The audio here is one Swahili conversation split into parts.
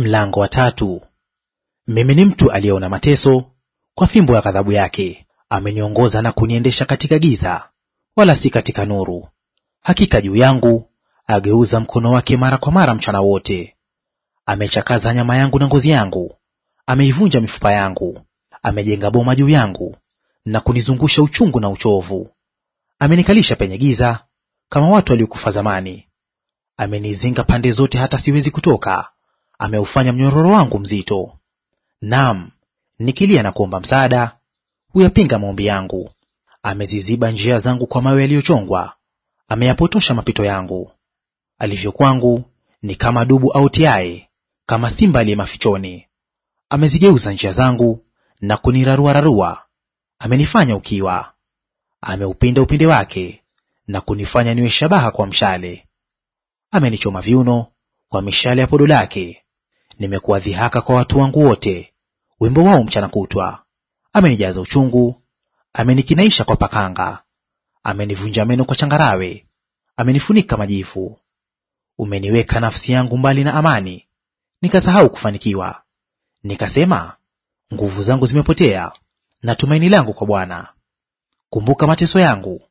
Mlango wa tatu. Mimi ni mtu aliyeona mateso kwa fimbo ya ghadhabu yake. Ameniongoza na kuniendesha katika giza, wala si katika nuru. Hakika juu yangu ageuza mkono wake mara kwa mara mchana wote. Amechakaza nyama yangu na ngozi yangu, ameivunja mifupa yangu. Amejenga boma juu yangu na kunizungusha uchungu na uchovu. Amenikalisha penye giza kama watu waliokufa zamani. Amenizinga pande zote hata siwezi kutoka ameufanya mnyororo wangu mzito. Naam, nikilia na kuomba msaada, huyapinga maombi yangu. Ameziziba njia zangu kwa mawe yaliyochongwa, ameyapotosha mapito yangu. Alivyo kwangu ni kama dubu autiaye, kama simba aliye mafichoni. Amezigeuza njia zangu na kunirarua rarua, amenifanya ukiwa. Ameupinda upinde wake na kunifanya niwe shabaha kwa mshale. Amenichoma viuno kwa mishale ya podo lake, Nimekuwa dhihaka kwa watu wangu wote, wimbo wao mchana kutwa. Amenijaza uchungu, amenikinaisha kwa pakanga, amenivunja meno kwa changarawe, amenifunika majivu. Umeniweka nafsi yangu mbali na amani, nikasahau kufanikiwa. Nikasema, nguvu zangu zimepotea, na tumaini langu kwa Bwana. Kumbuka mateso yangu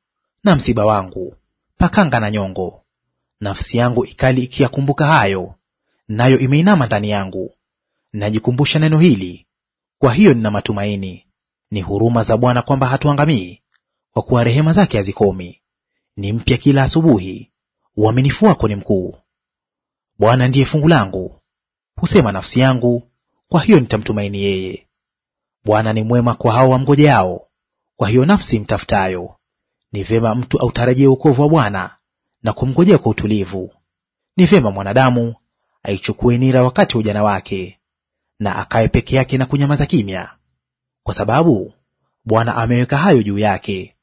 na msiba wangu, pakanga na nyongo. Nafsi yangu ikali ikiyakumbuka hayo, nayo imeinama ndani yangu. Najikumbusha neno hili, kwa hiyo nina matumaini. Ni huruma za Bwana kwamba hatuangamii, kwa kuwa rehema zake hazikomi; ni mpya kila asubuhi. Uaminifu wako ni mkuu. Bwana ndiye fungu langu, husema nafsi yangu, kwa hiyo nitamtumaini yeye. Bwana ni mwema kwa hao wamngojeao, kwa hiyo nafsi mtafutayo. Ni vema mtu autarajie wokovu wa Bwana na kumngojea kwa utulivu. Ni vema mwanadamu aichukue nira wakati wa ujana wake, na akae peke yake na kunyamaza kimya, kwa sababu Bwana ameweka hayo juu yake.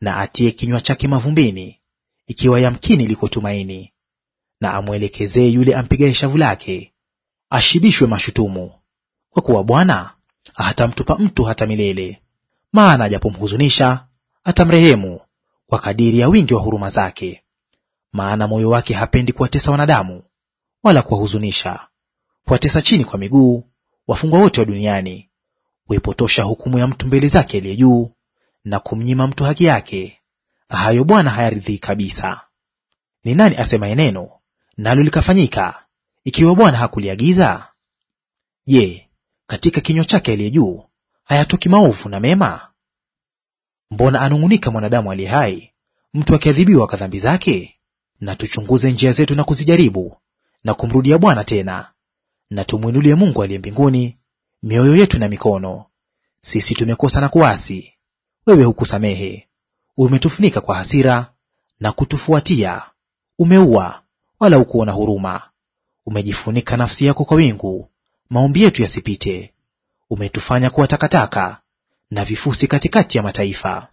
Na atie kinywa chake mavumbini, ikiwa yamkini liko tumaini, na amwelekezee yule ampigaye shavu lake, ashibishwe mashutumu, kwa kuwa Bwana hatamtupa mtu hata milele. Maana ajapomhuzunisha atamrehemu kwa kadiri ya wingi wa huruma zake, maana moyo wake hapendi kuwatesa wanadamu, wala kuwahuzunisha, huwatesa chini kwa miguu wafungwa wote wa duniani. Huipotosha hukumu ya mtu mbele zake aliye juu, na kumnyima mtu haki yake. Hayo Bwana hayaridhii kabisa. Ni nani asemaye neno nalo likafanyika, ikiwa Bwana hakuliagiza? Je, katika kinywa chake aliye juu hayatoki maovu na mema? Mbona anung'unika mwanadamu aliye hai, mtu akiadhibiwa kwa dhambi zake? Na tuchunguze njia zetu na kuzijaribu, na kumrudia Bwana tena, na tumwinulie Mungu aliye mbinguni mioyo yetu na mikono. Sisi tumekosa na kuasi, wewe hukusamehe; umetufunika kwa hasira na kutufuatia; umeua wala hukuona huruma. Umejifunika nafsi yako kwa wingu, maombi yetu yasipite. Umetufanya kuwa takataka na vifusi katikati ya mataifa.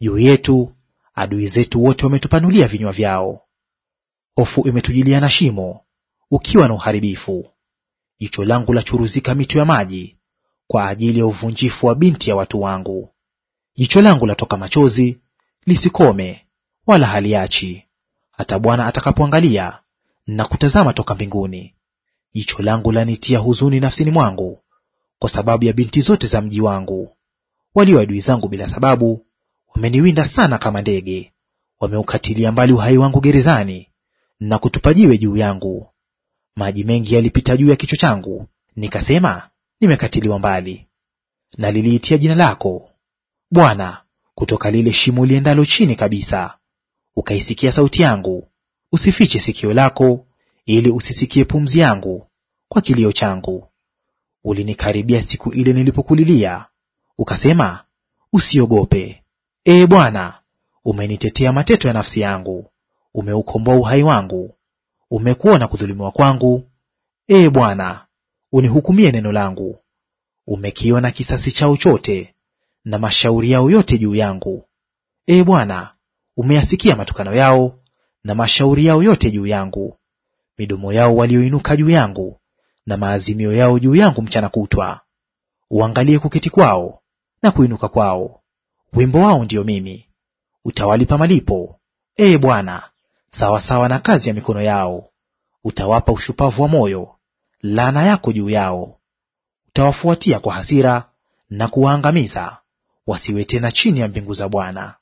Juu yetu adui zetu wote wametupanulia vinywa vyao. Hofu imetujilia na shimo, ukiwa na uharibifu. Jicho langu la churuzika mito ya maji, kwa ajili ya uvunjifu wa binti ya watu wangu. Jicho langu latoka machozi, lisikome wala haliachi, hata Bwana atakapoangalia na kutazama toka mbinguni. Jicho langu lanitia huzuni nafsini mwangu, kwa sababu ya binti zote za mji wangu. Walio adui zangu bila sababu wameniwinda sana kama ndege, wameukatilia mbali uhai wangu gerezani na kutupa jiwe juu yangu. Maji mengi yalipita juu ya kichwa changu, nikasema, nimekatiliwa mbali. Na liliitia jina lako Bwana kutoka lile shimo liendalo chini kabisa. Ukaisikia sauti yangu, usifiche sikio lako, ili usisikie pumzi yangu kwa kilio changu. Ulinikaribia siku ile nilipokulilia, ukasema, usiogope. Ee Bwana, umenitetea mateto ya nafsi yangu umeukomboa uhai wangu, umekuona kudhulumiwa kwangu. Ee Bwana, unihukumie neno langu. Umekiona kisasi chao chote na mashauri yao yote juu yangu. Ee Bwana, umeyasikia matukano yao na mashauri yao yote juu yangu, midomo yao walioinuka juu yangu, na maazimio yao juu yangu mchana kutwa. Uangalie kuketi kwao na kuinuka kwao; wimbo wao ndiyo mimi. Utawalipa malipo, ee Bwana, sawasawa na kazi ya mikono yao. Utawapa ushupavu wa moyo, laana yako juu yao. Utawafuatia kwa hasira na kuwaangamiza, wasiwe tena chini ya mbingu za Bwana.